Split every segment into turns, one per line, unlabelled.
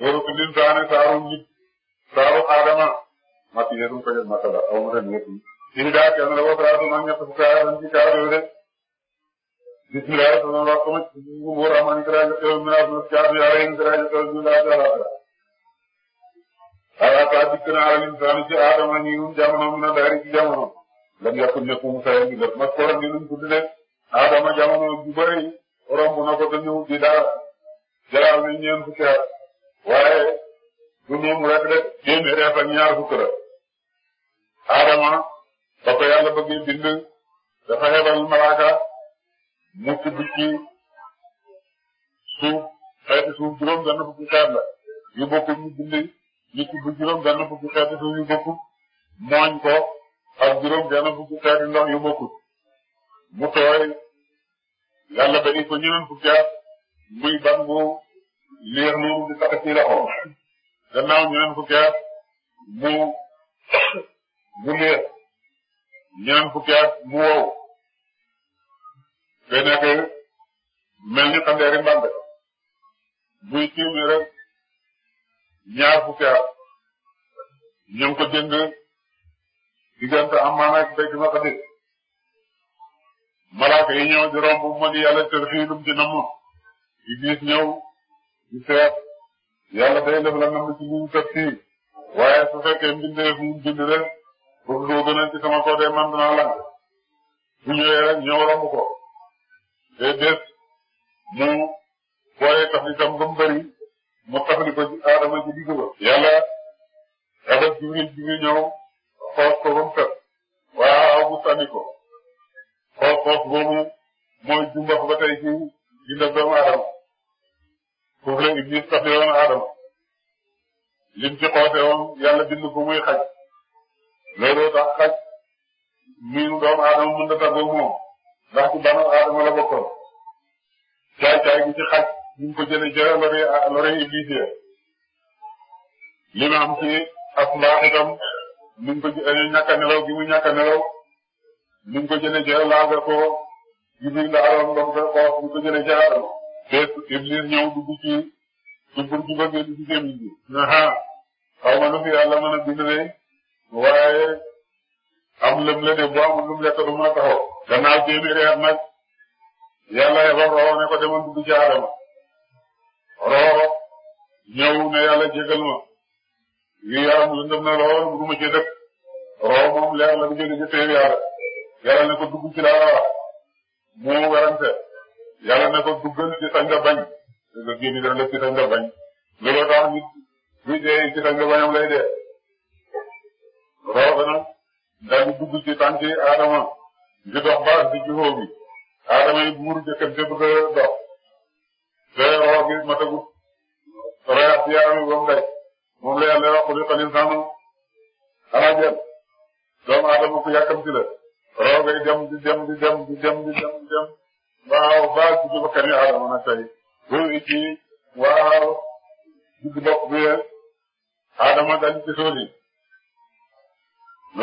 loolu ku lim saane saaru nit saaru Adama mati yetum ko jël masala aw ma ren yetum in daa kenn la ko saaru man ñett fu kaara ci kaara de bismillah sama wax ko ma ci ngu mu rahman kira ja tew mi na kaatu ya rein kira ja tew mi la ja la
ala ta dikna ala insaan ci
Adama ni um jamono na daari ci jamono lam yakun yakum sayen bi ma ko ram ni ñu tudde Adama jamono bu bari romb na ko te ñëw di daal jalaaw ni ñeen fukki at waaye du moom rek rek téeméer ak ñaar fukk la Adama ba ko yàlla bëggee bind dafa xebal malaaka mu tudd ci xeeti suuf juróom benn fukki ñu bind ñu xeeti yu bokkul mooñ ko ak juróom benn fukki xeeti ndox yu bokkul mu tooy yàlla bari ko ñeneen fukki at muy ban bu liir moom di takk ci loxo gannaaw ñeneen mu mu liir ñeneen fukki mu wow day nekk mel ni xandeeri mbànd buy tiim rek ñaar fukki at ñu ngi ko jënd diggante amaan ak béykat ma xadir malaaka yi di romb mu di yàlla tër fii lum ci namm di gis ñëw ci seet yàlla day def la nam ci ñu teg fii waaye su fekkee mbindee fu mu koo gën a ci sama ñëwee ñëw romb ko te des mu booyee tax itam mu bëri mu taxali ko ci aadama ci digg ba ñëw xoos ko ba mu fet waaw mu sànni ko xoos jumbax ba tey ci dina doomu aadama foofu la iblis tafe woon Adama lim ci xoote woon yàlla bind ko muy xaj looloo tax xaj miinu doomu Adama mën na tàggoo moom ndax ci banu Adama la bokkoon caay-caay gi ci xaj ñu ngi ko jëlee jërë lore lore iblis ya li am ci as mbaax itam ko ñàkk a a nelaw ñu ngi ko jëlee jërë laaga ko ko ñu ko jëlee fépp Iblis ñëw dugg ci ci pour ci bëggee di ci gémmiñ bi ne ah xaw nu waaye am lëm la bu amul lum lekk du mën a taxaw. gannaaw téeméeri at nag yàlla ne ko demoon dugg ci aadama ñëw ne yàlla jégal ma lii yaram lëndëm na lool bu ma ci moom leer la du jóge ci téeméeri at yàlla ne ko dugg ci laa mu werante yàlla ne ko duggal ci sa nga bañ nga génn dem def ci sa nga bañ looloo tax nit buy dee ci sa nga bañam lay dee rawatina daal di dugg ci tànki aadama di dox baas ci xóobi aadama yi buur jëkkër te bëgg a dox te rox gi matagut rayax ci yaram yi ba mu moom la yàlla wax li xalil sànnu alaajal doomu aadama ku yàkkam ci la rox gi dem di dem di dem di dem di dem di dem waaw baal ci biir bakkani Adama nag tey loolu ci waaw digg bopp bi Adama daal di gisoo loolu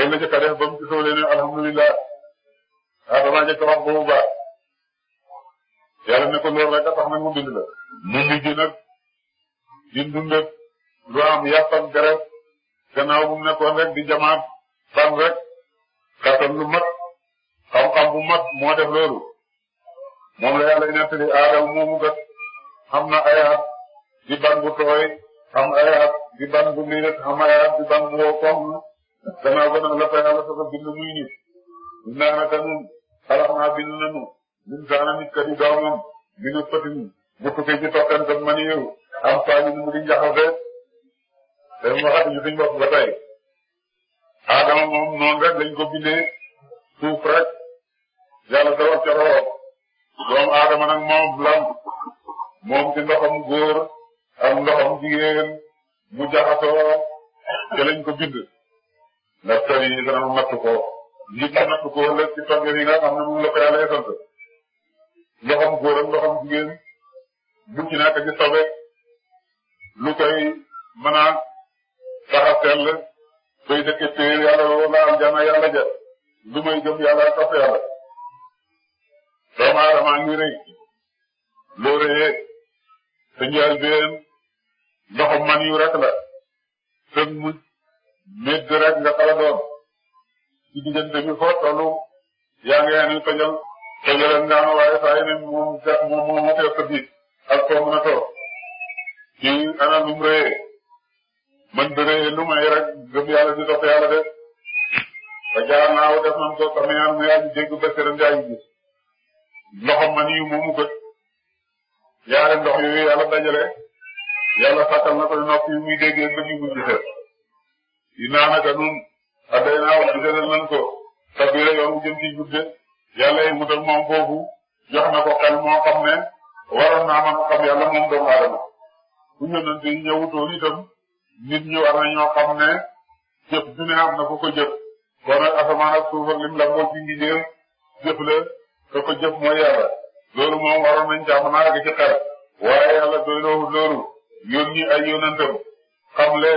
la njëkk a def ba mu gisoo leen ne alhamdulilah Adama njëkk a wax ba mu baax yàlla ne ko loolu rek a tax ji nag di dund ak lu am yàpp ak bu mu nekkoon rek di jamaat fan rek kattan lu mat xam-xam bu mat moo def loolu. moom la yàlla nettali aadama moomu kat xam na ay di ban bu tooy xam ay di ban bu liiret xam ay di ban bu wow koom gannaaw ba nag la ko yàlla soog a bind muy nit nee na te ñun xalaat naa bind nañu ñun daanaka nit kat yi doomam ñu ne pët yi bu tukkee ci tokkanteem mani yow am saa ñu mu di njaxase te mu waxati ñu suñ bopp ba tey aadama moom noonu rek lañ ko bindee suuf rek yàlla dawal ca roobam. doomu aadama nag moom lam moom ci ndoxam góor ak ndoxam jigéen mu jaxasoo te lañ ko bind ndax taw yi dana mu matt ko njëkk natt ko wala nga xam ne moom la ko yàlla sant góor ak ndoxam jigéen bu ci nekk ci sobe lu koy mën a tax a sell day dëkke téer yàlla wala ja lu may gëm yàlla ak doomu aadama ngi rëy loo rëyee been ndoxu man yu rek la sëg mu médd rek nga xala doon ci diggante bi tollu yaa ngi yaa ni tojal tojaleen waaye saa yi ne moom gat moom moomu teew sa biir ak foo mën a toog ci mu yaa ji dégg ba ndoxam ma nii moomu gët yaari ndox yooyu yàlla dajale yàlla sàkkal na koy nopp yu muy déggee bët yu muy gisee yu naanaka nun adday naa wax gisaleel nan ko tabira yoon wu jëm ci gudde yàlla yi mu tag moom foofu jox na ko xel moo xam ne waroon naa mën xam yàlla moom doomu aadama bu yonente yi ñëwutoon itam nit ñu war na ñoo xam ne jëf ju ne na fu ko jëf kon nag asamaan ak suuf ak lim la jëf jëf te ko mooy yàlla loolu moom waroon nañ caa mën a àgg ci xel waaye yàlla doyloowul loolu yónni ay yónnantam xamle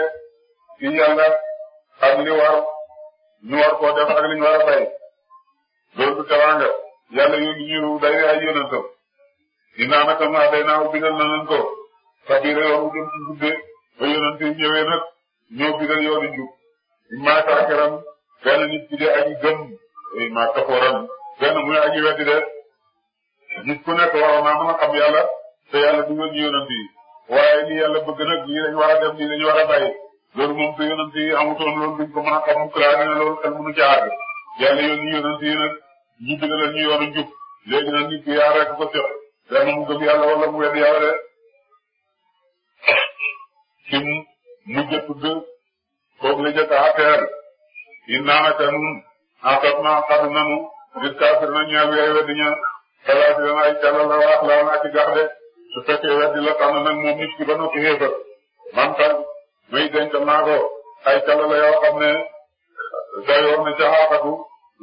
ci yàlla ak li war ñu war koo def ak li war a bay loolu du teraanga yàlla yónni ñu day ay yónnantam dinaa naka maa day naa ubbigal na leen ko sabira yoon wu gën ci gudde ba yónnante yi ñëwee nag ñoo maa taakiran benn nit ki gëm maa kafooran benn mu yaa ngi weddi ku nekk waroon naa mën a xam yàlla te yàlla du yónni yonent yi waaye lii yàlla bëgg nag lii lañu war a def lii lañu war a bàyyi loolu moom te yonent yi amutoon loolu duñ ko mën a xam mu clair loolu xel mënu caa àgg yàlla yónni yonent yi nag ñu ñu yoonu njub léegi nag nit ki yaa rek ko seq benn mu gëm yàlla wala mu weddi yàlla de ci mu jëpp dë foog la a ngir kaafir na ñaar yooyu weddi ña dana ay càllal la wax laa naa ci gax su fekkee weddi la tànn nag moom nit ki ba noppi xéefar man tan may denc naa ko ay càllal la yoo xam ne dayoon na ca xaaxatu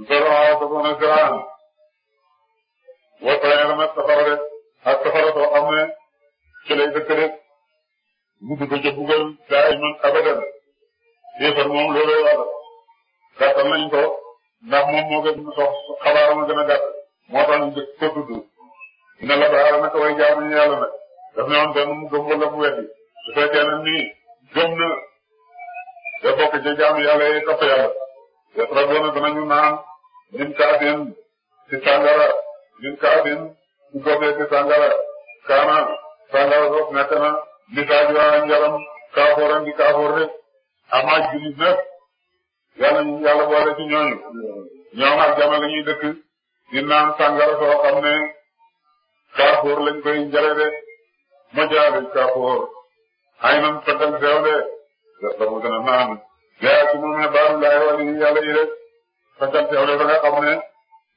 zoro xaaxatoon ak garaan woo tayee nag safara de ak safara soo ne ci lay dëkk de mu dugg ca bugal daayiman abadan xéefar moom loolu wàll gàttal nañ ko ndax moom moo gën sox xabaar ma gën a gàtt moo tax ñu jëkk ko tudd dina la baara naka way jaamuñu yàlla nag daf ne woon benn mu gëm wala mu weddi su fekkee na da naan min kaasin ci sàngara min kaasin su googee ci sàngara kaana sàngara sof nekk na misaaj waa njaram kaafoor a ngi kaafoor rek amaa julit nag yàlla ñu yàlla boole ci ñooñu ñoom ak jama la ñuy dëkk di naan sàngara soo xam ne kaafoor lañ koy njëre de mojaabi kaafoor ay nam fagal seew de dafa mu gën a naan gaa ci moom ne baalu laay wali yàlla yi rek fagal seew de ba nga xam ne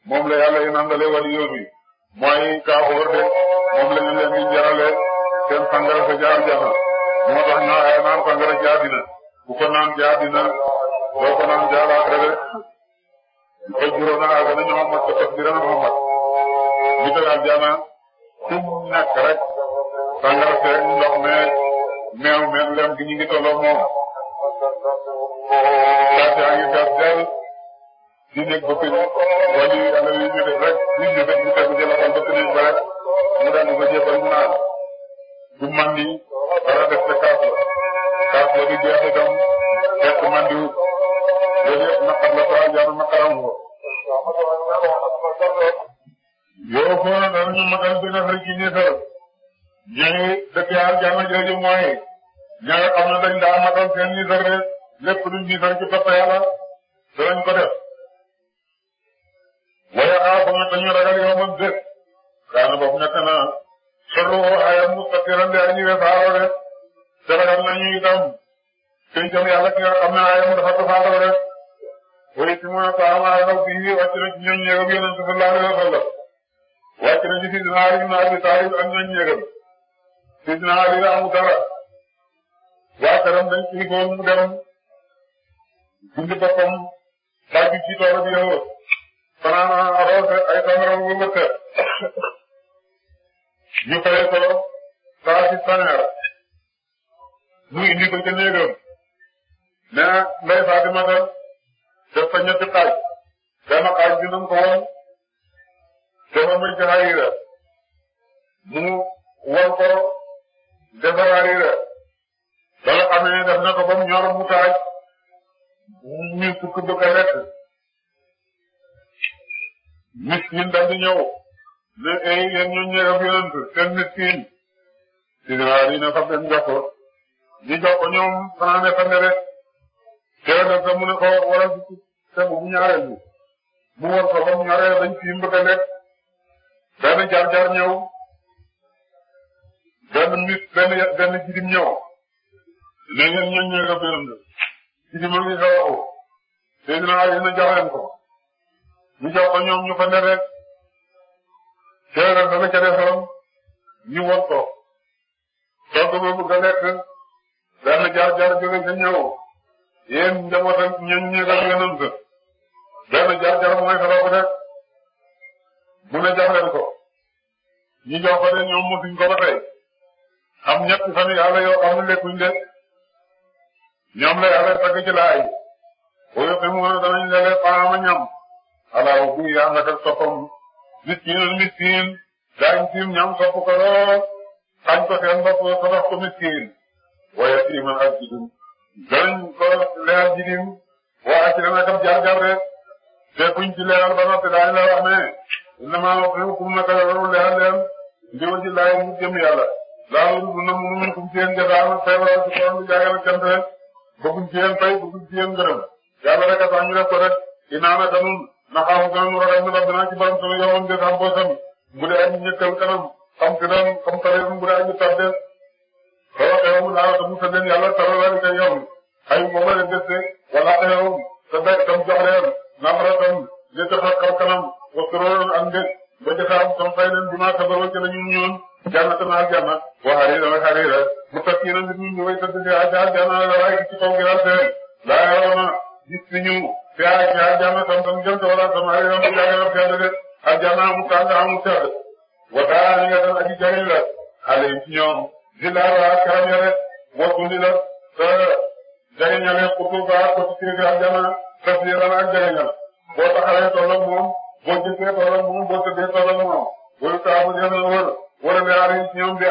moom la yàlla yi nandale wali yoobi mooy kaafoor de moom la ñu leen di njërale seen sàngara sa jaar jama moo tax ñoo ay naan sàngara jaadina ku ko naan jaadina doo ko naan jaalaat rek ba juróom ak ak nañu Muhammad ko teg dina Muhammad li ko daal jaana kum nekk rek sangara seeg ndox meeg meew meeg lem gi ñu ngi moom. saa si ànd ak gàttal di nekk ba mooy ña nga xam ne dañ daa matal seen misère lépp luñ misère ci topp yàlla danañ ko def. ni boobu mu dem bind boppam daj ci toolam yow fanaan aroose ay tàngaram wu wëtt ñu fay ko saa si saneer mu indi ko ca néegam mais ndey Fatimata def fa ñetti xaaj benn xaaj bi nañ ko woon dafa muy ca xayira mu wol ko defar xayira ba nga na ko ba mu ñor mu taaj ñu sukk bëgg lekk miskin dañu ñëw ne ay eh, yéen ñu ñëw yonent seen miskin sidinaa di ne fa benn jox ko ñu jox ko ñoom xanaa ne fa ne rek teew na bu ñaareel bi mu war ko mu ñaareel dañ fi bëgg a lekk benn jaar jaar ñëw benn mis benn benn jidim léeg-léeg ñoom ñooy def benn benn ci ko ñu jox ko ñu ko ne rek teel a dana ca defoon ñu wër ko togg ba bëgg lekk daan jaar jaar jóge ca ñëw yéen njabootam ñoom ñooy def leneen jaar jaar bu may rek mu ne jox ko ñu jox ko de ñoom ba tey am ñetti fan yàlla lekkuñ de. ñoom la yàlla tagg ci laay wala xëy mu ne danañ lele paama ñam ala wu buy ànd ak soppam miskiin miskiin daañu siim ñam sopp ko lool xañ ko seen bopp sodox ko miskiin waaye sii man ak jidim danañ ko leer jidim waaye ci dana kam jaar-jaar rek te kuñ ci leeral ba noppi daañu la wax ne innama nuqimukum naka waru leeral leen ndiw ci laay mu jëm yàlla laa wut na mu mun kum seen jataan feebar ci xorom bi jaagal ak bëgguñ ci yéen fay bëgguñ ci yéen ngërëm yàlla rek a tax ñu def ko rek inaana ganun naxaamu ganun ragal na rabbina ci borom sama yoon de am boosam mu dee añu ñëkkal kanam xam te doon xam tare mu dee añu tardé ba waxee amul naa te mu sa leen yàlla tarawale nga amul tëdd wa daanaka nga doon aji jariñ la xale yi ci ñoom zilaar waa karam ya rek moo tundi la sa jariñale kutu ba ko ci kii bi ak jamono tas yi ak jariñal boo taxawee tolloog moom boo gisee tolloog moom boo tëddee tolloog moom loolu saabu ñëw na wër wala mais am nañ ci ñoom di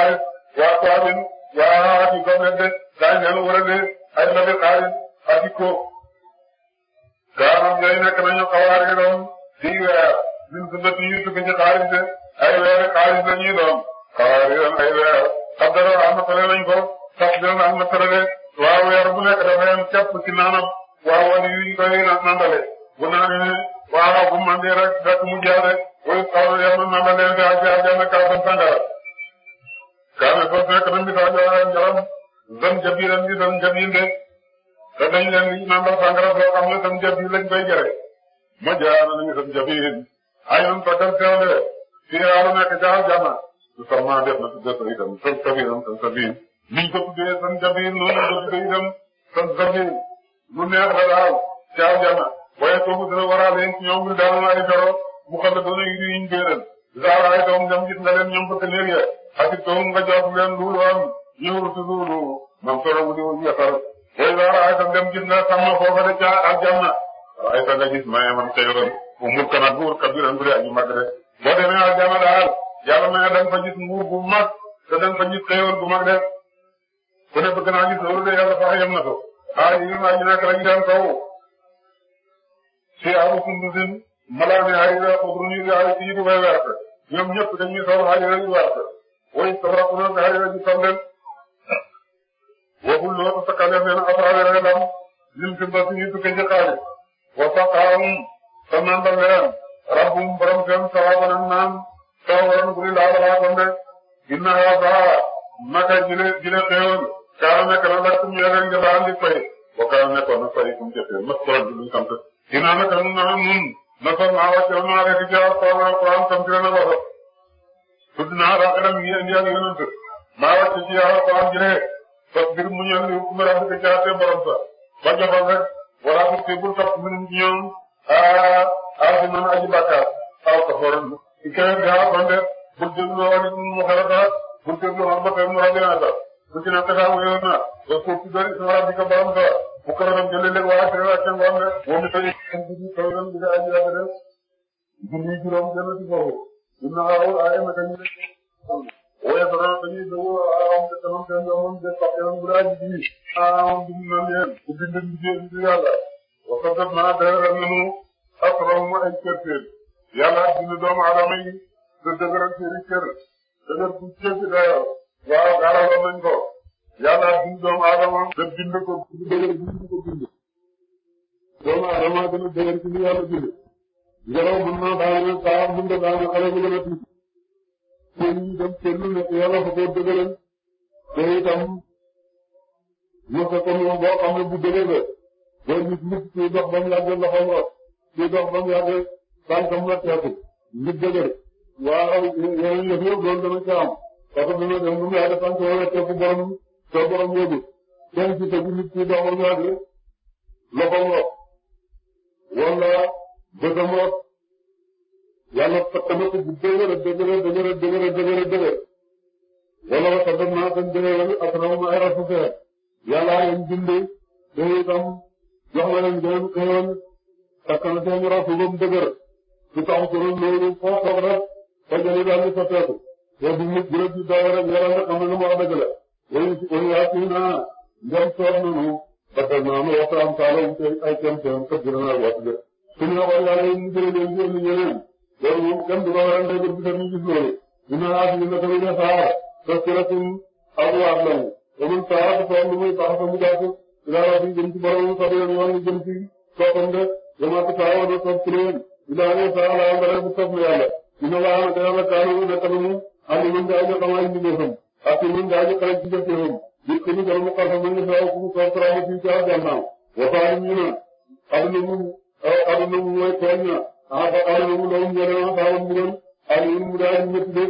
ànd waa Kouamine waa waa ci gofe de daañu leen gaawam day nekk nañu xawaari doon fii weer min sunnati Yuusuf ci xaalis de ay weer xaalis la ñuy doon xawaari doon ay weer xam dara am na tële lañ ko sax doon am na tële de bu nekk dafa yem capp ci naanam waaw wala yu ñu koy nandale bu naanee waaw bu mandi rek fekk mu jaare wala xaw ma yem nandalee bi ak jaar benn kaasam sangara kaame foofu nekk nañ bi sax joxe ak njaram zan jabiran di zan jabil te dañ leen di naan la sangara boo xam ne sam jëf yi ma jaay ma nañu sam jëf ay nañ fa dem teewlee fii aaru nekk jaaw jàmm sama def na tuddee sa itam sam jëf yi sam jëf yi ko tuddee sam jëf yi noonu la lu neex la daal jaaw jàmm waaye kooku dina waraale ñoom ñu daal ma ay mu xam ne doon nañu di ñu béeral zaara ay doom ñoom gis nga ya ak it doom nga jox leen lu lu am ñëw lu tudd lu xëy na waaye sax dem gis na xam na de ca aljanna waaye sax nga gis maa ngi amoon tey loolu bu mu kan ak buur kabiir am aju mag de boo demee aljanna daal da fa gis nguur bu mag te da fa gis xéewal bu mag ku ne bëgg naa gis loolu de yàlla sax yem na ko ah yéen a ngi nekk rek ñu daan kaw si amu sundusin malaane ay weer xudru ñu ay ci yitu bay werte ñoom ñëpp dañuy sol ay weer yu werte way sabraquna ay weer yu sol waxul loo ko sakkaleef nee na asaawe reelam lim fi mbas ñu tukkee ci xaalis wa saqaahum te nandal leen rabbum borom seen sawabanan naan sawran buri laabalaa ko ne inna haza naka jile jile xéewal kaana nekk na lakkum yeleen nga daan di fay wa kaana nekkoon na fay kum jëfee mas borom bi luñ sant dinaa naka nun naa nun na fa maa wàcce maa rek jaar sawra quran sant leen a basa tudd naa daa xelam ngi indi ak yonent maa wàcce ci yaa te mbir mu ñëw ni mu rafet a jaratee borom sa ba joxoon rek wala su fekkee bul topp mbir mu ñëw ah ah fi mu ne aji bàkkaar aw ko foron ci keneen gaa ah, kon de bul déglu wala mu xarata bul déglu wax ba kay mu rabinaata bu ci nekk daa wéyoon naa ba suuf si bëri sama rabbi ko borom sa bu ko doon jëlee léegi wala ci réew ak seen borom de moom it tey jii kaw doon di ko aji laata de julli juróom jënd ci boobu. waaye sax dañuy déglu aaraam te kanam seen jamono de sax keneen bu daal di ji aaraam dugg na leen bu bind liggéey bi yàlla wax dëgg naa dëgëral nañu asraw ma ay kër kër yàlla dina doomu aadama yi te dëgëral seeni kër dëgër bu jéggi dayoo waaw gaaraloon nañ ko yàlla dina doomu aadama te bind ko dëgër bind ko bind doomu aadama dina dëgër ci li yàlla bind ngelaw mën naa daanaka saa mën nga daanaka xale bu gën a tuuti seen dem seen lu nekk yàlla fa koo dëgëral te itam naka ko moom boo xam ne bu dëgër la boo gis nit ki ba mu yàgg loxoom rot ki dox ba mu yàgg tànkam la teeku nit dëgër waaw yeneen yëf yëpp loolu dana ca am parce que dana dem lu mu yàgg tànk wala teeku borom soo borom yóbbu kenn ci tegu nit ki dox ba mu yàgg loxoom rot wala bëtam rot yàlla toppatoo ko bu dëgër a dëgër a dëgër a dëgër a dëgër a dëgër wala ba sax damaa ko dëgër wala asalaamaaleykum ay rafetlu yàlla a leen dundee dëgër itam jox la leen gën xëyoon takkal seen rafet ba mu dëgër su taxaw si ren loolu foo ko rek ba jëlee daal di soppeeku te bu mu gërëm di doole rek yàlla nga xam ne lu mu wax dëgg la. yooyu si yooyu yaa ngi naan ñoom toog nañu ba tey maanaam waxtaan saa la ay ay kéem kéem képp gën a naan wax dëgg suñu waxoon yàlla ñu jëlee leen loolu moom kenn du ko waral ndey ba ñu gis loolu. dina laa fi nekk lu ñu saara tazkiratun aw waa'id ba mu saara te foofu lu muy tax a mu gàtt dinaa la fi jëm ci borom sax yoon yoon jëm ci soxam de damaa ko saara wala sox ci leen dinaa ne saara laa nga bu soxla yàlla. Ah, dina laa wax dana la kaanu nekk na mu ànd ñun daal ñu xamal ñu defam ak ñun daal ñu xamal ci defam. nit ku ñu gën mu xaar fa mu ngi saa ku mu sox ci rajo fii ci àggaan naa. wasaare ñu na. aduna mu aduna mu mooy tooñ na. ah ba xaaral ma mu doon njëriñoo xaaral mu doon xaaral ma mu daal ñëpp de